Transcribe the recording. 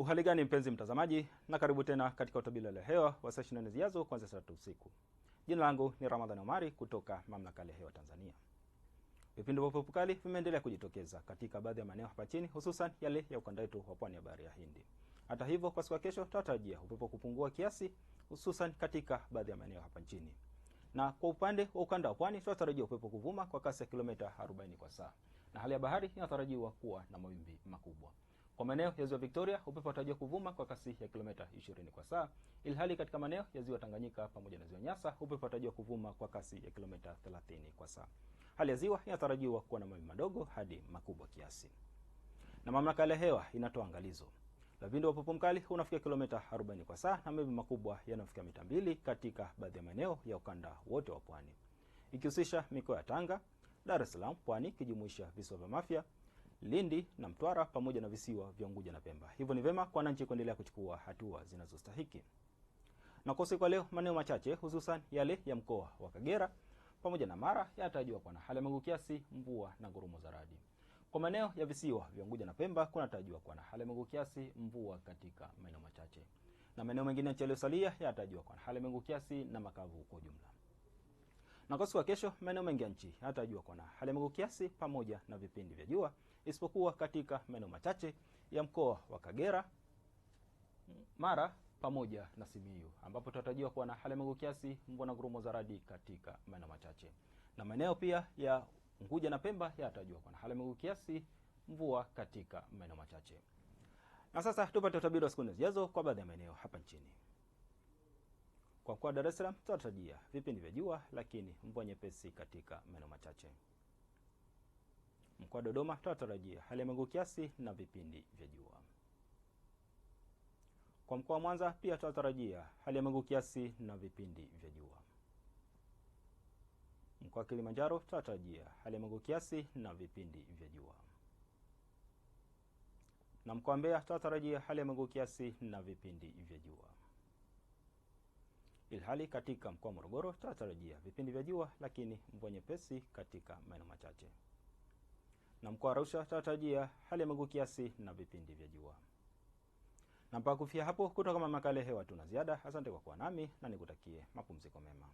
Uhaligani mpenzi mtazamaji, na karibu tena katika utabiri wa hewa wa saa 24 zijazo kuanzia saa tatu usiku. Jina langu ni Ramadhan Omari kutoka Mamlaka ya Hewa Tanzania. Vipindi vya upepo mkali vimeendelea kujitokeza katika baadhi ya maeneo hapa chini, hususan yale ya ukanda wetu wa pwani ya bahari ya Hindi. Hata hivyo, kwa siku ya kesho tunatarajia upepo kupungua kiasi, hususan katika baadhi ya maeneo hapa nchini, na kwa upande wa ukanda wa pwani tunatarajia upepo kuvuma kwa kasi ya kilomita 40 kwa saa, na hali ya bahari inatarajiwa kuwa na mawimbi makubwa. Kwa maeneo ya ziwa Victoria, upepo unatarajiwa kuvuma kwa kasi ya kilomita 20 kwa saa, ilhali katika maeneo ya ziwa Tanganyika pamoja na ziwa Nyasa, upepo unatarajiwa kuvuma kwa kasi ya kilomita 30 kwa saa. Hali ya ziwa inatarajiwa kuwa na mawimbi madogo hadi makubwa kiasi. Na mamlaka ya hewa inatoa angalizo la wa upepo mkali unafikia kilomita 40 kwa saa na mawimbi makubwa yanafikia mita mbili katika baadhi ya maeneo ya ukanda wote wa pwani, ikihusisha mikoa ya Tanga, Dar es Salaam, Pwani ikijumuisha visiwa vya Mafia, Lindi na Mtwara pamoja na visiwa vya Unguja na Pemba. Hivyo ni vema kwa wananchi kuendelea kuchukua hatua zinazostahiki. Na kosi kwa leo, maeneo machache hususan yale ya mkoa wa Kagera pamoja na Mara yanatarajiwa kuwa na hali ya mawingu kiasi, mvua na ngurumo za radi. Kwa maeneo ya visiwa vya Unguja na Pemba kunatarajiwa kuwa na hali ya mawingu kiasi, mvua katika maeneo machache, na maeneo mengine yaliyosalia yanatarajiwa kuwa na hali ya mawingu kiasi na makavu kwa ujumla. Na kwa siku ya kesho, maeneo mengi ya nchi hatajua kuwa na hali ya mawingu kiasi pamoja na vipindi vya jua, isipokuwa katika maeneo machache ya mkoa wa Kagera, Mara pamoja na Simiyu, ambapo tutatarajiwa kuwa na hali ya mawingu kiasi, mvua na ngurumo za radi katika maeneo machache, na maeneo pia ya Unguja na Pemba yatajua kuwa na hali ya mawingu kiasi, mvua katika maeneo machache. Na sasa tupate utabiri wa siku zijazo kwa baadhi ya maeneo hapa nchini. Kwa mkoa wa Dar es Salaam tunatarajia vipindi vya jua lakini mvua nyepesi katika maeneo machache. Mkoa wa Dodoma tunatarajia hali ya mawingu kiasi na vipindi vya jua. Kwa mkoa wa Mwanza pia tunatarajia hali ya mawingu kiasi na vipindi vya jua. Mkoa wa Kilimanjaro tunatarajia hali ya mawingu kiasi na vipindi vya jua. Na mkoa wa Mbeya tunatarajia hali ya mawingu kiasi na vipindi vya jua ilhali katika mkoa wa Morogoro tunatarajia vipindi vya jua lakini mvua nyepesi katika maeneo machache, na mkoa wa Arusha tunatarajia hali ya mawingu kiasi na vipindi vya jua. Na mpaka kufikia hapo, kutoka kama makala ya hewa tuna ziada. Asante kwa kuwa nami na nikutakie mapumziko mema.